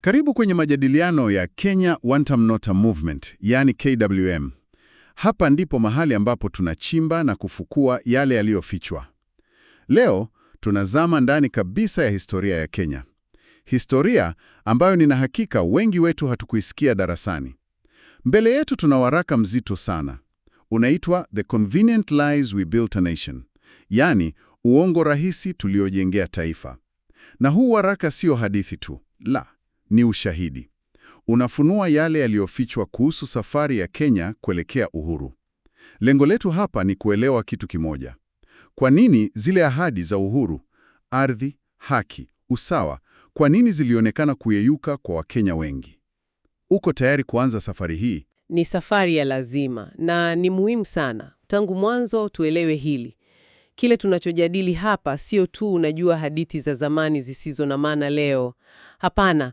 Karibu kwenye majadiliano ya Kenya nota Movement, yani KWM. Hapa ndipo mahali ambapo tunachimba na kufukua yale yaliyofichwa. Leo tunazama ndani kabisa ya historia ya Kenya, historia ambayo nina hakika wengi wetu hatukuisikia darasani. Mbele yetu tuna waraka mzito sana, unaitwa The Convenient Lies We Built a Nation, yani uongo rahisi tuliojengea taifa. Na huu waraka sio hadithi tu, la ni ushahidi. Unafunua yale yaliyofichwa kuhusu safari ya Kenya kuelekea uhuru. Lengo letu hapa ni kuelewa kitu kimoja. Kwa nini zile ahadi za uhuru, ardhi, haki, usawa, kwa nini zilionekana kuyeyuka kwa Wakenya wengi? Uko tayari kuanza safari hii? Ni safari ya lazima na ni muhimu sana. Tangu mwanzo tuelewe hili. Kile tunachojadili hapa sio tu unajua hadithi za zamani zisizo na maana leo. Hapana,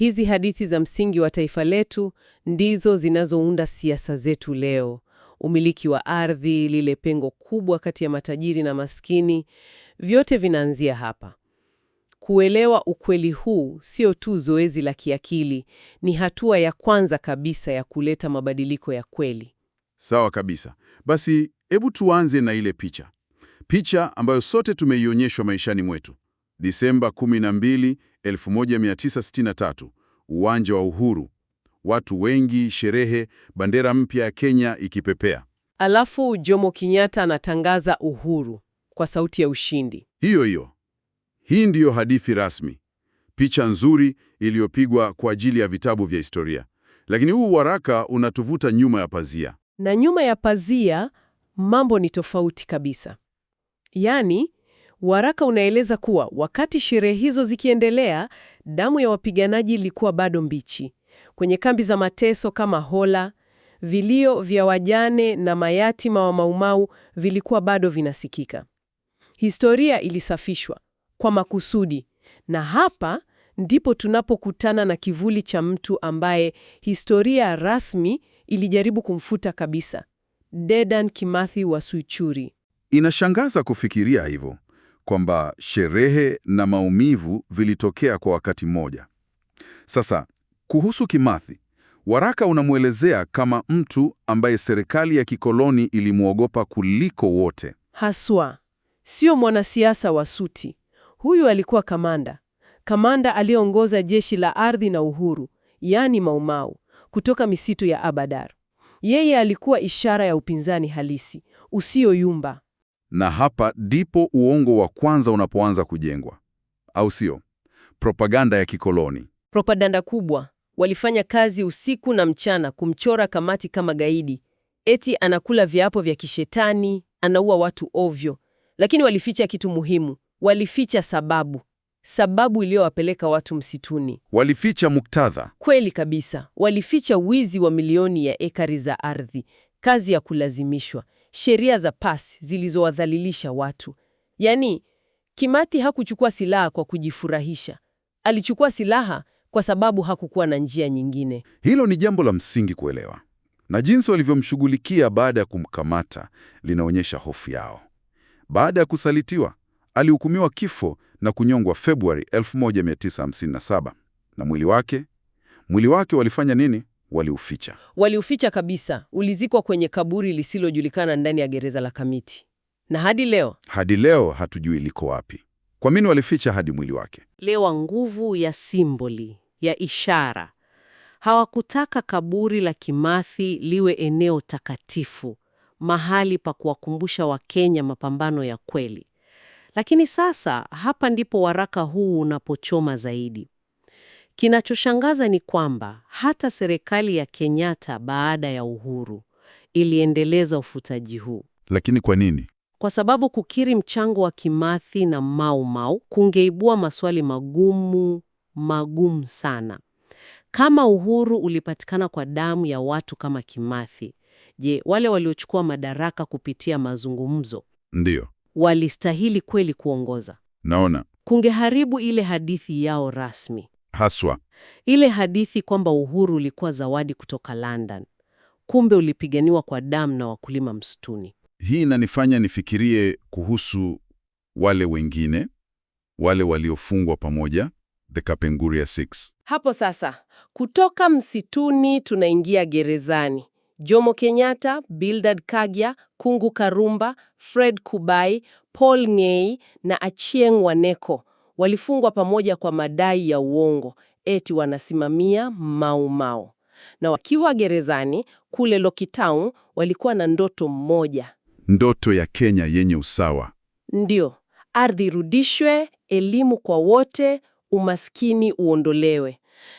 Hizi hadithi za msingi wa taifa letu ndizo zinazounda siasa zetu leo: umiliki wa ardhi, lile pengo kubwa kati ya matajiri na maskini, vyote vinaanzia hapa. Kuelewa ukweli huu sio tu zoezi la kiakili, ni hatua ya kwanza kabisa ya kuleta mabadiliko ya kweli. Sawa kabisa. Basi hebu tuanze na ile picha, picha ambayo sote tumeionyeshwa maishani mwetu, Disemba 12, 1963, uwanja wa Uhuru. Watu wengi, sherehe, bendera mpya ya Kenya ikipepea. Alafu Jomo Kenyatta anatangaza uhuru kwa sauti ya ushindi. Hiyo hiyo. Hii ndiyo hadithi rasmi. Picha nzuri iliyopigwa kwa ajili ya vitabu vya historia. Lakini huu waraka unatuvuta nyuma ya pazia. Na nyuma ya pazia mambo ni tofauti kabisa. Yaani Waraka unaeleza kuwa wakati sherehe hizo zikiendelea, damu ya wapiganaji ilikuwa bado mbichi kwenye kambi za mateso kama Hola. Vilio vya wajane na mayatima wa Maumau vilikuwa bado vinasikika. Historia ilisafishwa kwa makusudi, na hapa ndipo tunapokutana na kivuli cha mtu ambaye historia rasmi ilijaribu kumfuta kabisa, Dedan Kimathi wa Suchuri. Inashangaza kufikiria hivyo, kwamba sherehe na maumivu vilitokea kwa wakati mmoja. Sasa kuhusu Kimathi, waraka unamwelezea kama mtu ambaye serikali ya kikoloni ilimwogopa kuliko wote. Haswa sio mwanasiasa wa suti. Huyu alikuwa kamanda, kamanda aliyeongoza jeshi la ardhi na uhuru, yaani Maumau, kutoka misitu ya Abadar. Yeye alikuwa ishara ya upinzani halisi usioyumba. Na hapa ndipo uongo wa kwanza unapoanza kujengwa, au sio? Propaganda ya kikoloni, propaganda kubwa. Walifanya kazi usiku na mchana kumchora Kamati kama gaidi, eti anakula viapo vya kishetani, anaua watu ovyo. Lakini walificha kitu muhimu, walificha sababu, sababu iliyowapeleka watu msituni. Walificha muktadha. Kweli kabisa, walificha wizi wa milioni ya ekari za ardhi, kazi ya kulazimishwa sheria za pasi zilizowadhalilisha watu. Yaani, Kimathi hakuchukua silaha kwa kujifurahisha, alichukua silaha kwa sababu hakukuwa na njia nyingine. Hilo ni jambo la msingi kuelewa, na jinsi walivyomshughulikia baada ya kumkamata linaonyesha hofu yao. Baada ya kusalitiwa, alihukumiwa kifo na kunyongwa Februari 1957 na mwili wake mwili wake walifanya nini? waliuficha, waliuficha kabisa. Ulizikwa kwenye kaburi lisilojulikana ndani ya gereza la Kamiti, na hadi leo, hadi leo hatujui liko wapi. Kwa nini walificha hadi mwili wake? Lewa nguvu ya simboli ya ishara. Hawakutaka kaburi la Kimathi liwe eneo takatifu, mahali pa kuwakumbusha Wakenya mapambano ya kweli. Lakini sasa hapa ndipo waraka huu unapochoma zaidi. Kinachoshangaza ni kwamba hata serikali ya Kenyatta baada ya uhuru iliendeleza ufutaji huu. Lakini kwa nini? Kwa sababu kukiri mchango wa Kimathi na Mau Mau kungeibua maswali magumu magumu sana. Kama uhuru ulipatikana kwa damu ya watu kama Kimathi, je, wale waliochukua madaraka kupitia mazungumzo ndiyo walistahili kweli kuongoza? Naona kungeharibu ile hadithi yao rasmi. Haswa ile hadithi kwamba uhuru ulikuwa zawadi kutoka London, kumbe ulipiganiwa kwa damu na wakulima msituni. Hii inanifanya nifikirie kuhusu wale wengine, wale waliofungwa pamoja, the Kapenguria Six. Hapo sasa, kutoka msituni tunaingia gerezani. Jomo Kenyatta, Bildad Kagya, Kungu Karumba, Fred Kubai, Paul Ngei na Achieng' Waneko walifungwa pamoja kwa madai ya uongo eti wanasimamia Mau Mau, na wakiwa gerezani kule Lokitau walikuwa na ndoto moja, ndoto ya Kenya yenye usawa. ndio ardhi irudishwe, elimu kwa wote, umaskini uondolewe.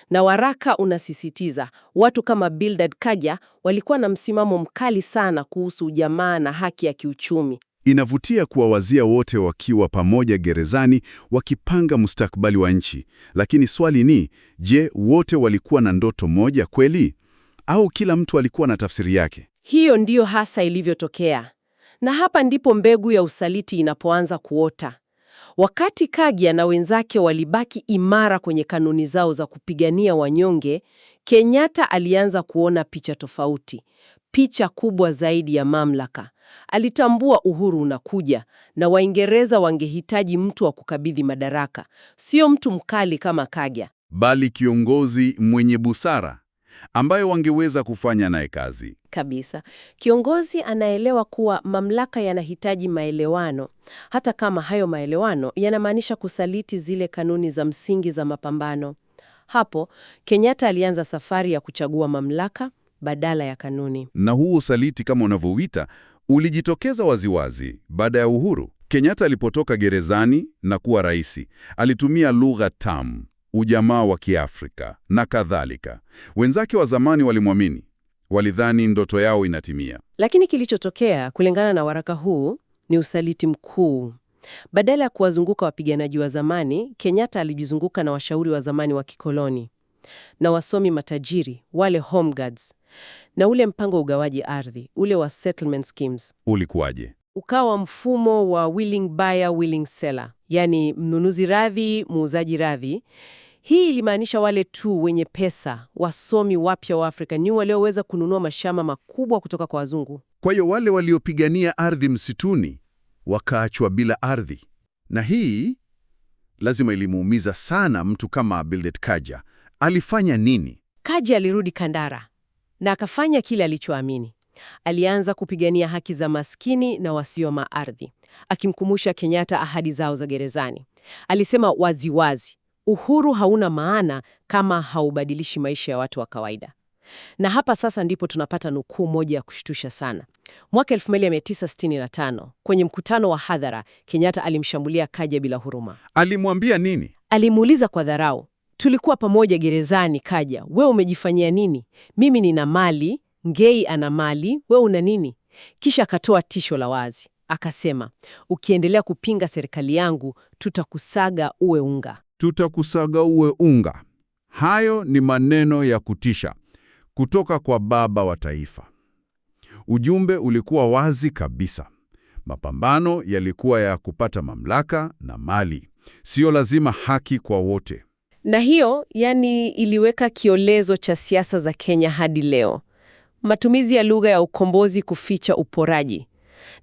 Na waraka unasisitiza watu kama Bildad Kogia walikuwa na msimamo mkali sana kuhusu ujamaa na haki ya kiuchumi. Inavutia kuwawazia wote wakiwa pamoja gerezani wakipanga mustakabali wa nchi, lakini swali ni je, wote walikuwa na ndoto moja kweli, au kila mtu alikuwa na tafsiri yake? Hiyo ndiyo hasa ilivyotokea, na hapa ndipo mbegu ya usaliti inapoanza kuota. Wakati Kaggia na wenzake walibaki imara kwenye kanuni zao za kupigania wanyonge, Kenyatta alianza kuona picha tofauti, picha kubwa zaidi ya mamlaka Alitambua uhuru unakuja na Waingereza wangehitaji mtu wa kukabidhi madaraka, sio mtu mkali kama Kaja, bali kiongozi mwenye busara ambayo wangeweza kufanya naye kazi kabisa. Kiongozi anaelewa kuwa mamlaka yanahitaji maelewano, hata kama hayo maelewano yanamaanisha kusaliti zile kanuni za msingi za mapambano. Hapo Kenyatta alianza safari ya kuchagua mamlaka badala ya kanuni, na huu usaliti kama unavyouita ulijitokeza waziwazi baada ya uhuru. Kenyatta alipotoka gerezani na kuwa rais, alitumia lugha tamu, ujamaa wa Kiafrika na kadhalika. Wenzake wa zamani walimwamini, walidhani ndoto yao inatimia. Lakini kilichotokea kulingana na waraka huu ni usaliti mkuu. Badala ya kuwazunguka wapiganaji wa zamani, Kenyatta alijizunguka na washauri wa zamani wa kikoloni na wasomi matajiri wale home guards. Na ule mpango wa ugawaji ardhi ule wa settlement schemes ulikuwaje? Ukawa mfumo wa willing buyer, willing seller, yani mnunuzi radhi, muuzaji radhi. Hii ilimaanisha wale tu wenye pesa, wasomi wapya wa Afrika ni walioweza kununua mashamba makubwa kutoka kwa wazungu. Kwa hiyo wale waliopigania ardhi msituni wakaachwa bila ardhi, na hii lazima ilimuumiza sana mtu kama Bildet Kaja Alifanya nini? Kaji alirudi Kandara na akafanya kile alichoamini. Alianza kupigania haki za maskini na wasio maardhi, akimkumusha Kenyatta ahadi zao za gerezani. Alisema waziwazi, uhuru hauna maana kama haubadilishi maisha ya watu wa kawaida. Na hapa sasa ndipo tunapata nukuu moja ya kushtusha sana. Mwaka 1965 kwenye mkutano wa hadhara, Kenyatta alimshambulia Kaja bila huruma. Alimwambia nini? Alimuuliza kwa dharau, tulikuwa pamoja gerezani, kaja we umejifanyia nini? Mimi nina mali, Ngei ana mali, we una nini? Kisha akatoa tisho la wazi akasema, ukiendelea kupinga serikali yangu tutakusaga uwe unga, tutakusaga uwe unga. Hayo ni maneno ya kutisha kutoka kwa baba wa taifa. Ujumbe ulikuwa wazi kabisa. Mapambano yalikuwa ya kupata mamlaka na mali, sio lazima haki kwa wote. Na hiyo yani, iliweka kiolezo cha siasa za Kenya hadi leo, matumizi ya lugha ya ukombozi kuficha uporaji,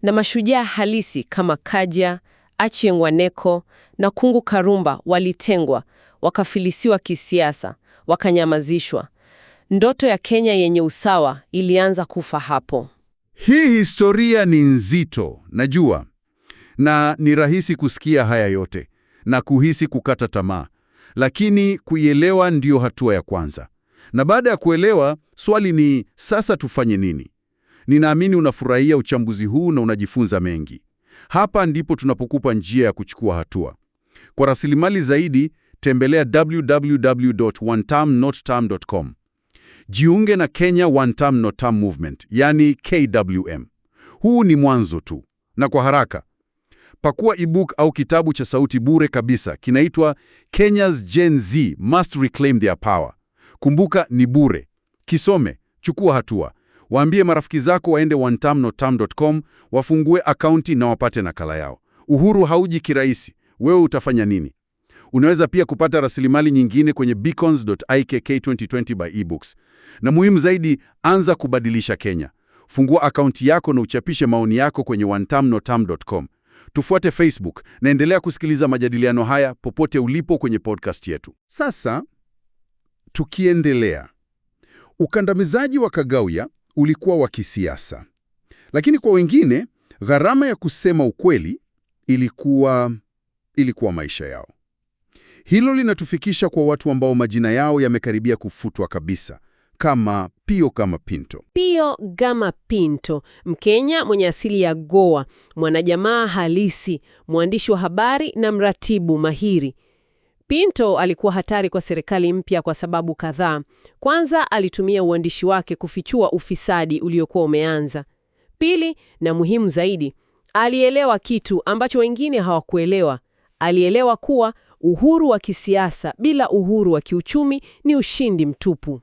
na mashujaa halisi kama Kaja, Achieng' Waneko na Kungu Karumba walitengwa, wakafilisiwa kisiasa, wakanyamazishwa. Ndoto ya Kenya yenye usawa ilianza kufa hapo. Hii historia ni nzito, najua, na ni rahisi kusikia haya yote na kuhisi kukata tamaa lakini kuielewa ndiyo hatua ya kwanza. Na baada ya kuelewa, swali ni sasa tufanye nini? Ninaamini unafurahia uchambuzi huu na unajifunza mengi. Hapa ndipo tunapokupa njia ya kuchukua hatua. Kwa rasilimali zaidi, tembelea www.onetermnotterm.com. Jiunge na Kenya One Time Not Term Movement, yani KWM. Huu ni mwanzo tu, na kwa haraka Pakua ebook au kitabu cha sauti bure kabisa, kinaitwa Kenya's Gen Z Must Reclaim Their Power. Kumbuka ni bure, kisome, chukua hatua. Waambie marafiki zako waende wantamnotam.com wafungue akaunti na wapate nakala yao. Uhuru hauji kirahisi, wewe utafanya nini? Unaweza pia kupata rasilimali nyingine kwenye beacons.ikk2020 by ebooks. Na muhimu zaidi, anza kubadilisha Kenya. Fungua akaunti yako na uchapishe maoni yako kwenye wantamnotam.com. Tufuate Facebook na endelea kusikiliza majadiliano haya popote ulipo kwenye podcast yetu. Sasa tukiendelea, ukandamizaji wa kagawya ulikuwa wa kisiasa, lakini kwa wengine gharama ya kusema ukweli ilikuwa ilikuwa maisha yao. Hilo linatufikisha kwa watu ambao majina yao yamekaribia kufutwa kabisa, kama Pio Gama Pinto. Pio Gama Pinto, Mkenya mwenye asili ya Goa, mwanajamaa halisi, mwandishi wa habari na mratibu mahiri. Pinto alikuwa hatari kwa serikali mpya kwa sababu kadhaa. Kwanza, alitumia uandishi wake kufichua ufisadi uliokuwa umeanza. Pili, na muhimu zaidi, alielewa kitu ambacho wengine hawakuelewa. Alielewa kuwa uhuru wa kisiasa bila uhuru wa kiuchumi ni ushindi mtupu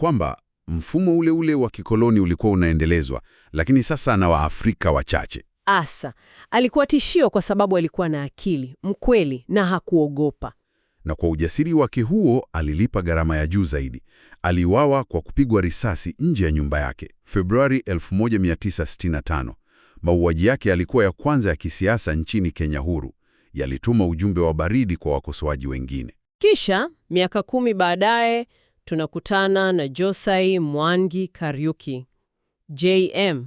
kwamba mfumo ule ule wa kikoloni ulikuwa unaendelezwa, lakini sasa na Waafrika wachache. Asa alikuwa tishio kwa sababu alikuwa na akili, mkweli na hakuogopa. Na kwa ujasiri wake huo alilipa gharama ya juu zaidi. Aliuawa kwa kupigwa risasi nje ya nyumba yake Februari 1965. Mauaji yake yalikuwa ya kwanza ya kisiasa nchini Kenya huru, yalituma ujumbe wa baridi kwa wakosoaji wengine. Kisha miaka kumi baadaye tunakutana na Josai Mwangi Kariuki, JM.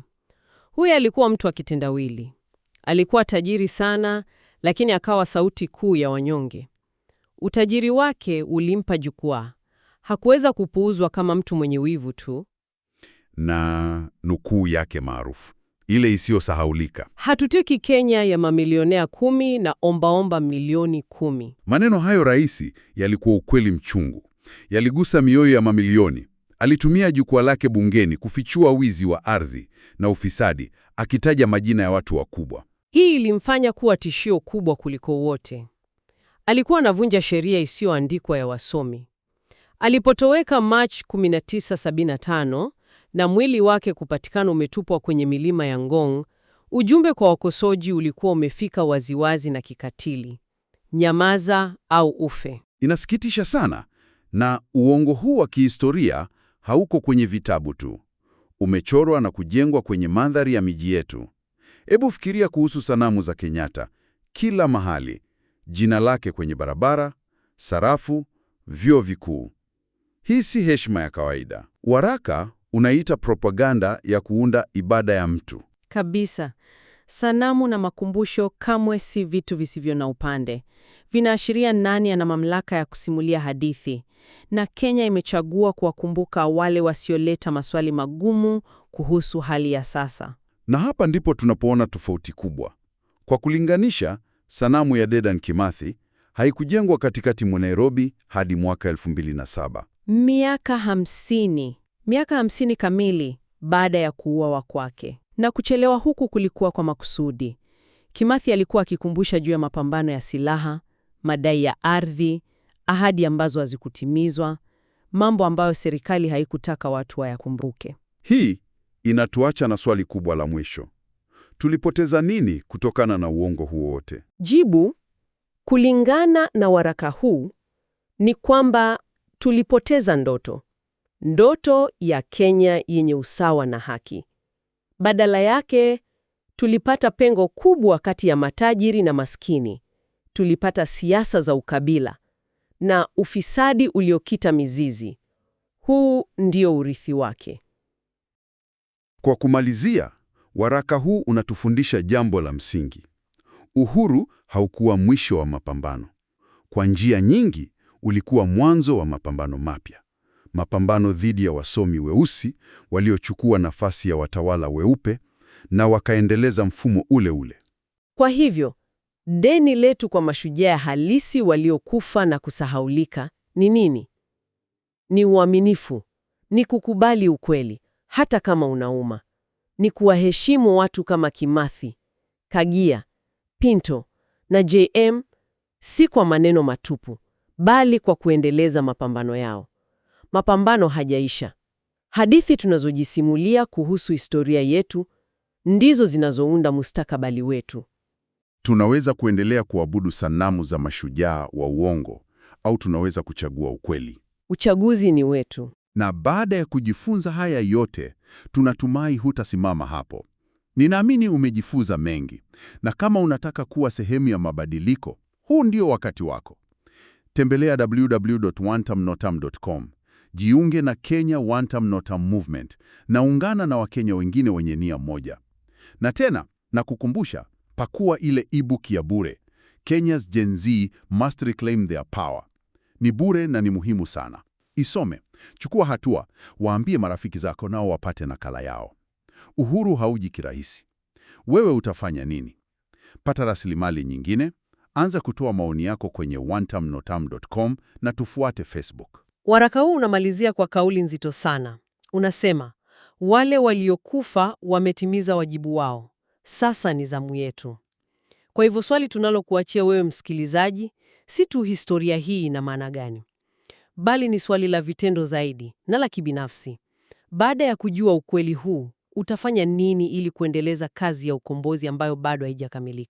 Huyu alikuwa mtu wa kitendawili, alikuwa tajiri sana, lakini akawa sauti kuu ya wanyonge. Utajiri wake ulimpa jukwaa, hakuweza kupuuzwa kama mtu mwenye wivu tu. Na nukuu yake maarufu ile isiyosahaulika, hatutiki Kenya ya mamilionea kumi na ombaomba omba milioni kumi. Maneno hayo rahisi yalikuwa ukweli mchungu, Yaligusa mioyo ya mamilioni. Alitumia jukwaa lake bungeni kufichua wizi wa ardhi na ufisadi, akitaja majina ya watu wakubwa. Hii ilimfanya kuwa tishio kubwa kuliko wote. Alikuwa anavunja sheria isiyoandikwa ya wasomi. Alipotoweka Machi 1975 na mwili wake kupatikana umetupwa kwenye milima ya Ngong, ujumbe kwa wakosoji ulikuwa umefika waziwazi na kikatili: nyamaza au ufe. Inasikitisha sana na uongo huu wa kihistoria hauko kwenye vitabu tu, umechorwa na kujengwa kwenye mandhari ya miji yetu. Hebu fikiria kuhusu sanamu za Kenyatta kila mahali, jina lake kwenye barabara, sarafu, vyuo vikuu. Hii si heshima ya kawaida. Waraka unaita propaganda ya kuunda ibada ya mtu kabisa. Sanamu na makumbusho kamwe si vitu visivyo na upande. Vinaashiria nani ana mamlaka ya kusimulia hadithi, na Kenya imechagua kuwakumbuka wale wasioleta maswali magumu kuhusu hali ya sasa. Na hapa ndipo tunapoona tofauti kubwa. Kwa kulinganisha, sanamu ya Dedan Kimathi haikujengwa katikati mwa Nairobi hadi mwaka 2007. Miaka hamsini, miaka hamsini kamili baada ya kuuawa kwake. Na kuchelewa huku kulikuwa kwa makusudi. Kimathi alikuwa akikumbusha juu ya mapambano ya silaha, madai ya ardhi, ahadi ambazo hazikutimizwa, mambo ambayo serikali haikutaka watu wayakumbuke. Hii inatuacha na swali kubwa la mwisho. Tulipoteza nini kutokana na uongo huo wote? Jibu, kulingana na waraka huu, ni kwamba tulipoteza ndoto. Ndoto ya Kenya yenye usawa na haki. Badala yake, tulipata pengo kubwa kati ya matajiri na maskini. Tulipata siasa za ukabila na ufisadi uliokita mizizi. Huu ndio urithi wake. Kwa kumalizia, waraka huu unatufundisha jambo la msingi. Uhuru haukuwa mwisho wa mapambano. Kwa njia nyingi, ulikuwa mwanzo wa mapambano mapya mapambano dhidi ya wasomi weusi waliochukua nafasi ya watawala weupe na wakaendeleza mfumo ule ule. Kwa hivyo, deni letu kwa mashujaa halisi waliokufa na kusahaulika ni nini? Ni uaminifu, ni kukubali ukweli hata kama unauma, ni kuwaheshimu watu kama Kimathi, Kagia, Pinto na JM, si kwa maneno matupu, bali kwa kuendeleza mapambano yao mapambano hajaisha. Hadithi tunazojisimulia kuhusu historia yetu ndizo zinazounda mustakabali wetu. Tunaweza kuendelea kuabudu sanamu za mashujaa wa uongo au tunaweza kuchagua ukweli. Uchaguzi ni wetu. Na baada ya kujifunza haya yote, tunatumai hutasimama hapo. Ninaamini umejifunza mengi, na kama unataka kuwa sehemu ya mabadiliko, huu ndio wakati wako. Tembelea www.wantamnotam.com jiunge na Kenya Wantam Notam Movement na ungana na Wakenya wengine wenye nia moja. Na tena nakukumbusha, pakua ile ebook ya bure Kenya's Gen Z Must Reclaim Their Power. Ni bure na ni muhimu sana. Isome, chukua hatua, waambie marafiki zako nao wapate nakala yao. Uhuru hauji kirahisi. Wewe utafanya nini? Pata rasilimali nyingine, anza kutoa maoni yako kwenye wantamnotam.com na tufuate Facebook. Waraka huu unamalizia kwa kauli nzito sana. Unasema, wale waliokufa wametimiza wajibu wao, sasa ni zamu yetu. Kwa hivyo swali tunalokuachia wewe msikilizaji si tu historia hii ina maana gani, bali ni swali la vitendo zaidi na la kibinafsi. Baada ya kujua ukweli huu, utafanya nini ili kuendeleza kazi ya ukombozi ambayo bado haijakamilika?